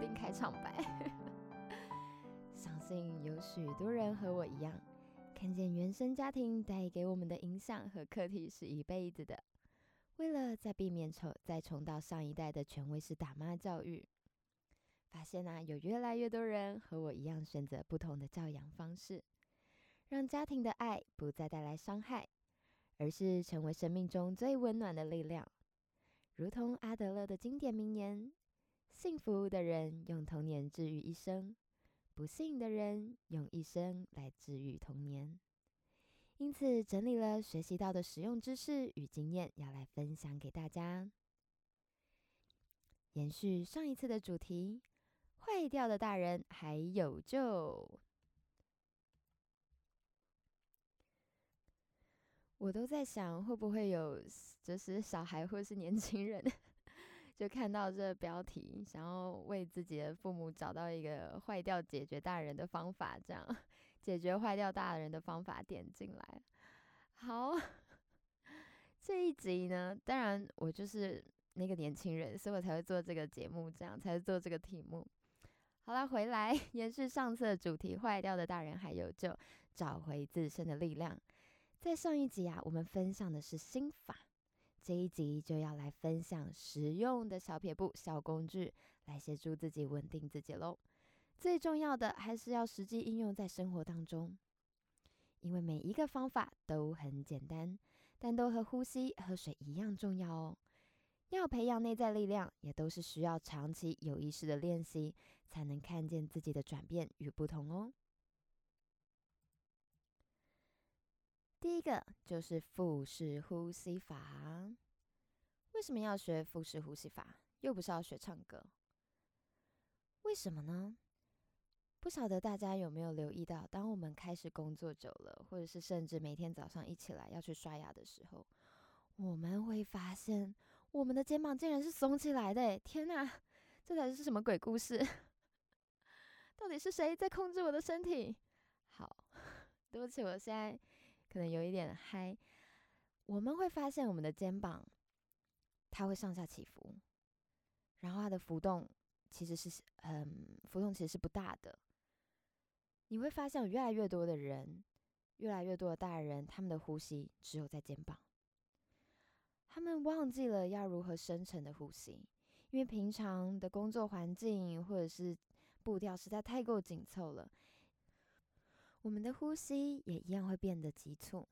並開場白， 相信有許多人和我一樣，看見原生家庭帶給我們的影響和課題是一輩子的。為了再避免醜，再重蹈上一代的權威式打罵教育，發現吶、啊，有越來越多人和我一樣選擇不同的教養方式，讓家庭的愛不再帶來傷害，而是成為生命中最溫暖的力量，如同阿德勒的經典名言。幸福的人用童年治癒一生，不幸的人用一生來治癒童年。因此，整理了學習到的實用知識與經驗，要來分享給大家。延續上一次的主題，壞掉的大人還有救。我都在想，會不會有就是小孩或是年輕人？就看到這個標題，想要為自己的父母找到一個壞掉解決大人的方法，這樣解決壞掉大人的方法點進來。好，這一集呢，當然我就是那個年輕人，所以我才會做這個節目，這樣才會做這個題目。好了，回來，延續上次的主題，壞掉的大人還有救，找回自身的力量。在上一集啊，我們分享的是心法。這一集就要來分享實用的小撇步、小工具，來協助自己穩定自己嘍。最重要的還是要實際應用在生活當中，因為每一個方法都很簡單，但都和呼吸、喝水一樣重要哦。要培養內在力量，也都是需要長期有意識的練習，才能看見自己的轉變與不同哦。第一個就是腹式呼吸法。為什麼要學腹式呼吸法？又不是要學唱歌，為什麼呢？不曉得大家有沒有留意到，當我們開始工作久了，或者是甚至每天早上一起來要去刷牙的時候，我們會發現我們的肩膀竟然是聳起來的。天哪，啊，這才是什麼鬼故事？到底是誰在控制我的身體？好， 對不起，我現在。可能有一點嗨，我們會發現我們的肩膀，它會上下起伏，然後它的浮動其實是嗯，浮動其實是不大的。你會發現有越來越多的人，越來越多的大人，他們的呼吸只有在肩膀，他們忘記了要如何深層的呼吸，因為平常的工作環境或者是步調實在太過緊湊了。我們的呼吸也一樣會變得急促，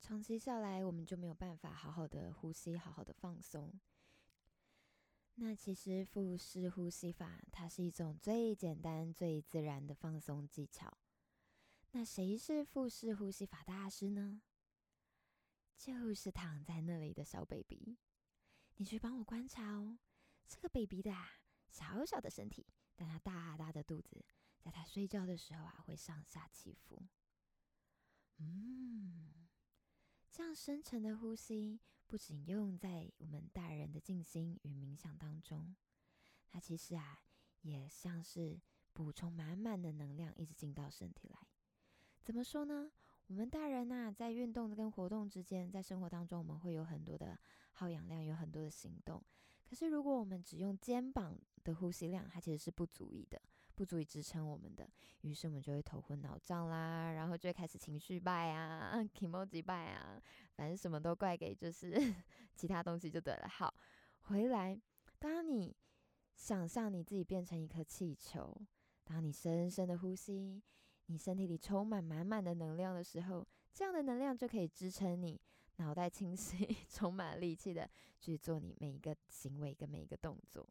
長期下來，我們就沒有辦法好好的呼吸，好好的放鬆。那其實腹式呼吸法，它是一種最簡單、最自然的放鬆技巧。那誰是腹式呼吸法大師呢？就是躺在那裡的小 baby。你去幫我觀察哦，這個 baby 的小小的身體，但它大大的肚子。在他睡覺的時候啊，會上下起伏。嗯，這樣深沉的呼吸不僅用在我們大人的靜心與冥想當中，它其實啊，也像是補充滿滿的能量，一直進到身體來。怎麼說呢？我們大人吶、啊，在運動跟活動之間，在生活當中，我們會有很多的耗氧量，有很多的行動。可是，如果我們只用肩膀的呼吸量，它其實是不足以的。不足以支撐我們的，於是我們就會頭昏腦脹啦，然後就會開始情緒敗啊，體毛幾敗啊，反正什麼都怪給就是其他東西就對了。好，回來，當你想象你自己變成一顆氣球，當你深深的呼吸，你身體裡充滿滿滿的能量的時候，這樣的能量就可以支撐你腦袋清晰、 充滿力氣的去做你每一個行為跟每一個動作。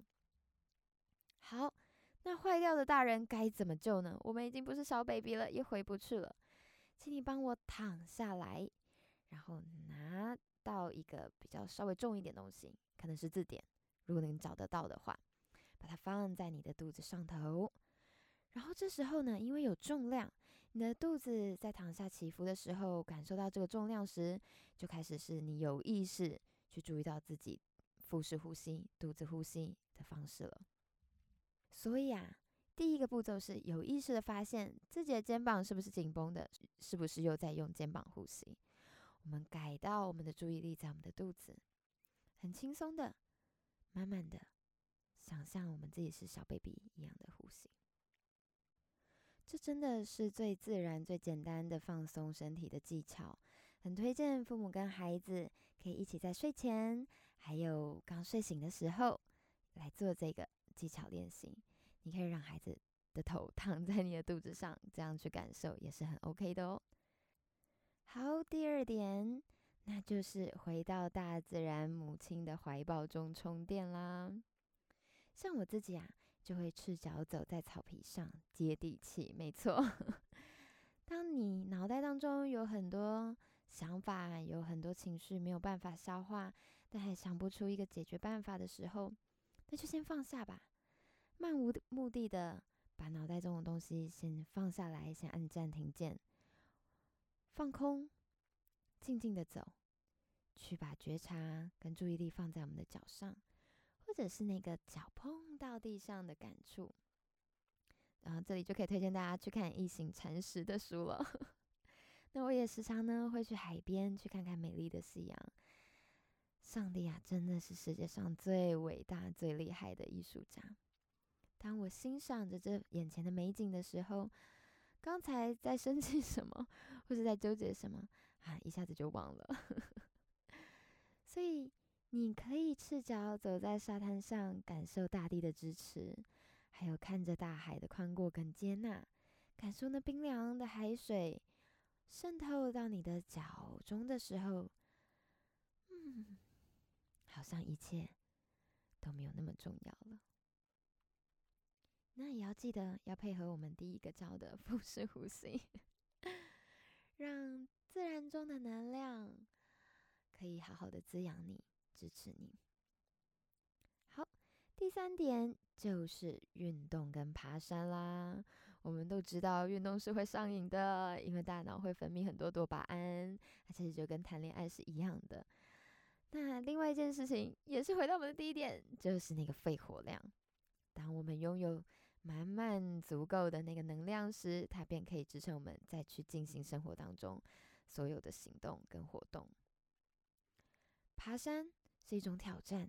好。那壞掉的大人該怎麼救呢？我們已經不是小 baby 了，也回不去了。請你幫我躺下來，然後拿到一個比較稍微重一點東西，可能是字典，如果能找得到的話，把它放在你的肚子上頭。然後這時候呢，因為有重量，你的肚子在躺下起伏的時候，感受到這個重量時，就開始是你有意識去注意到自己腹式呼吸、肚子呼吸的方式了。所以啊，第一個步驟是有意識的發現自己的肩膀是不是緊繃的，是，是不是又在用肩膀呼吸。我們改到我們的注意力在我們的肚子，很輕鬆的，慢慢的，想象我們自己是小 baby 一樣的呼吸。這真的是最自然、最簡單的放鬆身體的技巧，很推薦父母跟孩子可以一起在睡前，還有剛睡醒的時候來做這個技巧練習。你可以讓孩子的頭躺在你的肚子上，這樣去感受也是很 OK 的哦。好，第二點，那就是回到大自然母親的懷抱中充電啦。像我自己啊，就會赤腳走在草皮上，接地氣，沒錯。 當你腦袋當中有很多想法，有很多情緒沒有辦法消化，但還想不出一個解決辦法的時候，那就先放下吧。漫無目的的把腦袋這種東西先放下來，先按暫停鍵，放空，靜靜的走，去把覺察跟注意力放在我們的腳上，或者是那個腳碰到地上的感觸。然後這裡就可以推薦大家去看一行禪師的書了。 那我也時常呢會去海邊去看看美麗的夕陽。上帝啊，真的是世界上最偉大、最厲害的藝術家。當我欣賞着這眼前的美景的時候，剛才在生氣什麼，或者在糾結什麼啊，一下子就忘了。 所以你可以赤腳走在沙灘上，感受大地的支持，還有看着大海的寬闊跟接納，感受那冰涼的海水滲透到你的腳中的時候，嗯，好像一切都沒有那麼重要了。那也要記得要配合我們第一個教的腹式呼吸，讓自然中的能量可以好好的滋養你、支持你。好，第三點就是運動跟爬山啦。我們都知道運動是會上癮的，因為大腦會分泌很多多巴胺，它其實就跟談戀愛是一樣的。那另外一件事情也是回到我們的第一點，就是那個肺活量。當我們擁有滿滿足夠的那個能量時，它便可以支撐我們再去進行生活當中所有的行動跟活動。爬山是一種挑戰，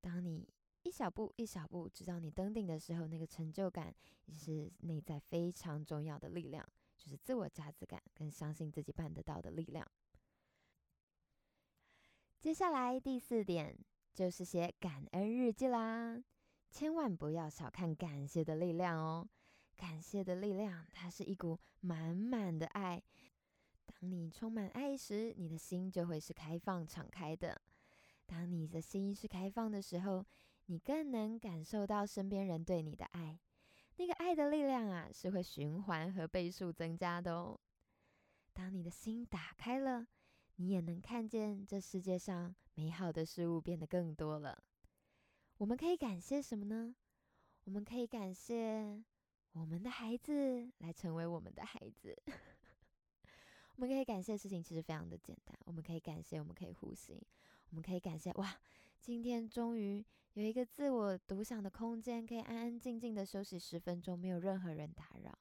當你一小步一小步，直到你登頂的時候，那個成就感也是內在非常重要的力量，就是自我價值感跟相信自己辦得到的力量。接下來第四點就是寫感恩日記啦。千萬不要小看感謝的力量哦！感謝的力量，它是一股滿滿的愛。當你充滿愛時，你的心就會是開放、敞開的。當你的心是開放的時候，你更能感受到身邊人對你的愛。那個愛的力量啊，是會循環和倍數增加的哦。當你的心打開了，你也能看見這世界上美好的事物變得更多了。我們可以感謝什麼呢？我們可以感謝我們的孩子來成為我們的孩子。 我們可以感謝事情其實非常的簡單。我們可以感謝我們可以呼吸，我們可以感謝哇，今天終於有一個自我獨享的空間，可以安安靜靜的休息十分鐘，沒有任何人打擾。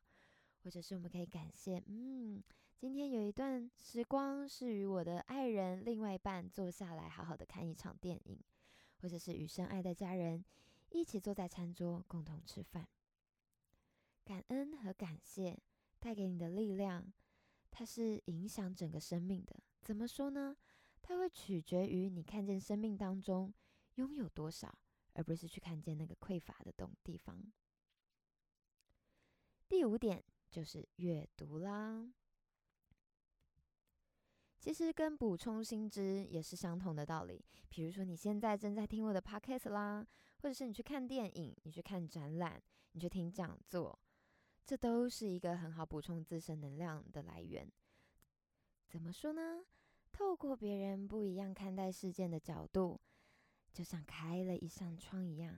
或者是我們可以感謝，嗯，今天有一段時光是與我的愛人另外一半坐下來，好好的看一場電影。或者是與深愛的家人一起坐在餐桌，共同吃飯。感恩和感謝帶給你的力量，它是影響整個生命的。怎麼說呢？它會取決於你看見生命當中擁有多少，而不是去看見那個匱乏的地方。第五點就是閱讀啦。其實跟補充新知也是相同的道理。比如說，你現在正在聽我的 podcast 啦，或者是你去看電影，你去看展覽，你去聽講座，這都是一個很好補充自身能量的來源。怎麼說呢？透過別人不一樣看待事件的角度，就像開了一扇窗一樣，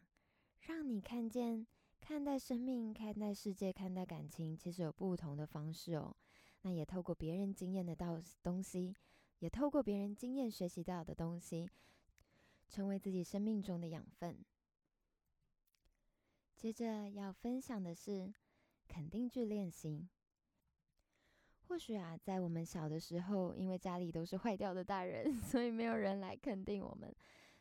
讓你看見看待生命、看待世界、看待感情，其實有不同的方式哦。那也透過別人經驗得到東西，也透過別人經驗學習到的東西，成為自己生命中的養分。接着要分享的是肯定句練習。或許啊，在我們小的時候，因為家裡都是壞掉的大人，所以沒有人來肯定我們，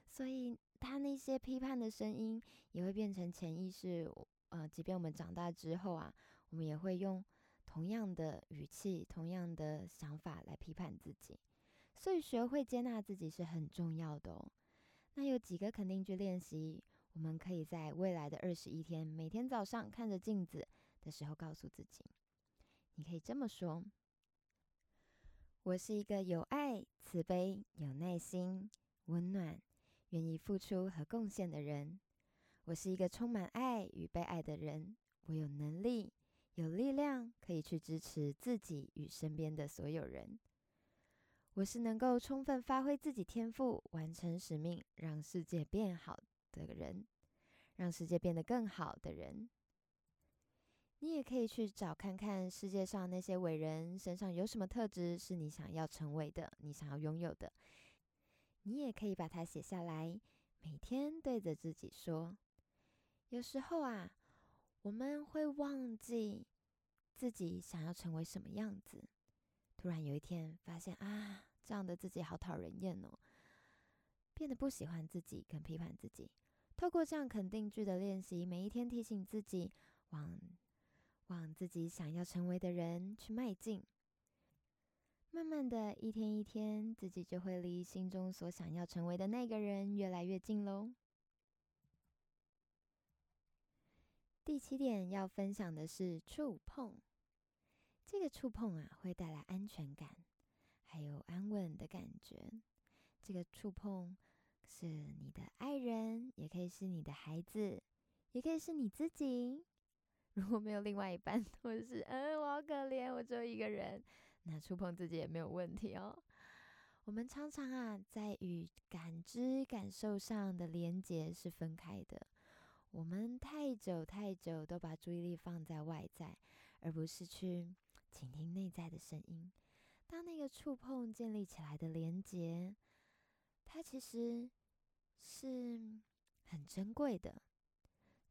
所以他那些批判的聲音也會變成潛意識。呃，即便我們長大之後啊，我們也會用。同樣的語氣，同樣的想法來批判自己，所以學會接納自己是很重要的哦。那有幾個肯定句練習，我們可以在未來的二十一天，每天早上看着鏡子的時候，告訴自己：你可以這麼說。我是一個有愛、慈悲、有耐心、溫暖、願意付出和貢獻的人。我是一個充滿愛與被愛的人。我有能力。有力量可以去支持自己與身邊的所有人。我是能夠充分發揮自己天賦、完成使命、讓世界變好的人，讓世界變得更好的人。你也可以去找看看世界上那些偉人身上有什麼特質是你想要成為的、你想要擁有的。你也可以把它寫下來，每天對着自己說。有時候啊，我們會忘記自己想要成為什麼樣子，突然有一天發現啊，這樣的自己好討人厭哦，變得不喜歡自己，更批判自己。透過這樣肯定句的練習，每一天提醒自己往，往往自己想要成為的人去邁進，慢慢的一天一天，自己就會離心中所想要成為的那個人越來越近嘍。第七點要分享的是觸碰，這個觸碰啊會帶來安全感，還有安穩的感覺。這個觸碰是你的愛人，也可以是你的孩子，也可以是你自己。如果沒有另外一半，或者是嗯，我好可憐，我只有一個人，那觸碰自己也沒有問題哦。我們常常啊在與感知感受上的連結是分開的。我們太久太久都把注意力放在外在，而不是去傾聽內在的聲音。當那個觸碰建立起來的連結，它其實是很珍貴的。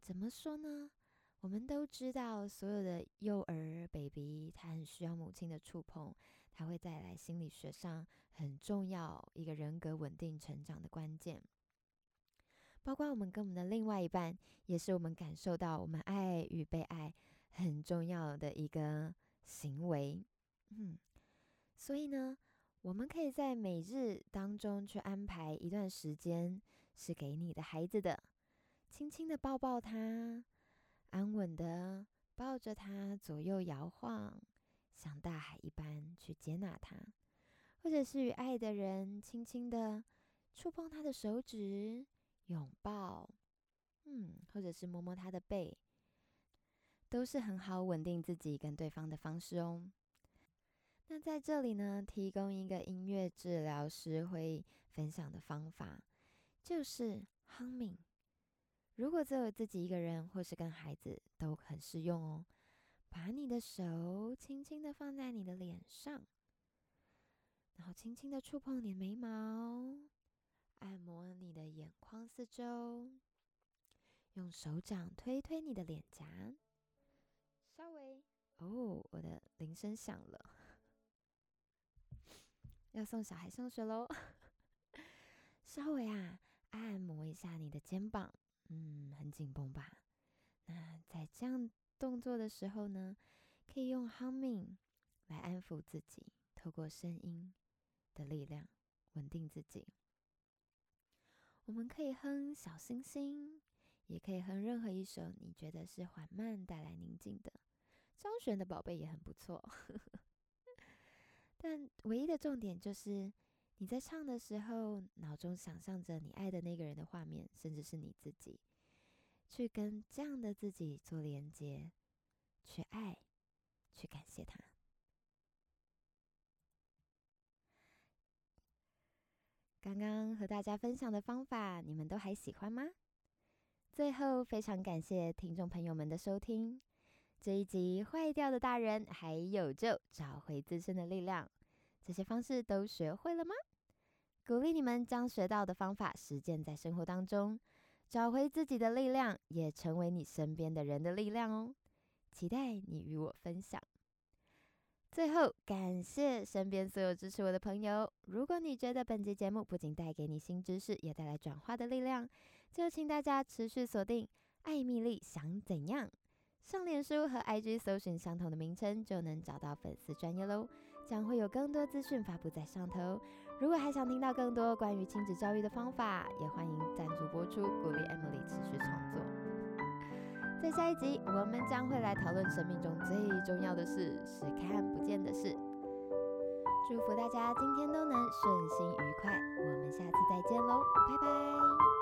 怎麼說呢？我們都知道，所有的幼兒 baby 他很需要母親的觸碰，他會帶來心理學上很重要一個人格穩定成長的關鍵。包括我們跟我們的另外一半，也是我們感受到我們愛與被愛很重要的一個行為。嗯，所以呢，我們可以在每日當中去安排一段時間是給你的孩子的，輕輕的抱抱他，安穩的抱着他，左右搖晃，像大海一般去接納他，或者是與愛的人輕輕的觸碰他的手指。擁抱，嗯，或者是摸摸他的背，都是很好穩定自己跟對方的方式哦。那在這裡呢，提供一個音樂治療師會分享的方法，就是 humming。如果只有自己一個人，或是跟孩子都很適用哦。把你的手輕輕的放在你的臉上，然後輕輕的觸碰你的眉毛。按摩你的眼眶四周，用手掌推推你的臉頰。稍微哦，oh, 我的鈴聲響了， 要送小孩上學嘍。 稍微啊，按摩一下你的肩膀，嗯，很緊繃吧？那在這樣動作的時候呢，可以用 humming 來安撫自己，透過聲音的力量，穩定自己。我們可以哼小星星，也可以哼任何一首你覺得是緩慢帶來寧靜的。張懸的寶貝也很不錯，呵呵，但唯一的重點就是你在唱的時候，腦中想象着你愛的那個人的畫面，甚至是你自己，去跟這樣的自己做連接，去愛，去感謝他。剛剛和大家分享的方法，你們都還喜歡嗎？最後，非常感謝聽眾朋友們的收聽。這一集壞掉的大人還有救，找回自身的力量，這些方式都學會了嗎？鼓勵你們將學到的方法實踐在生活當中，找回自己的力量，也成為你身邊的人的力量哦。期待你與我分享。最後，感謝身邊所有支持我的朋友。如果你覺得本集節目不僅帶給你新知識，也帶來轉化的力量，就請大家持續鎖定《艾蜜莉想怎樣》。上臉書和 IG 搜尋相同的名稱，就能找到粉絲專頁嘍。將會有更多資訊發布在上頭。如果還想聽到更多關於親子教育的方法，也歡迎贊助播出，鼓勵艾蜜莉持續創作。下一集，我們將會來討論生命中最重要的事是看不見的事。祝福大家今天都能順心愉快，我們下次再見嘍，拜拜。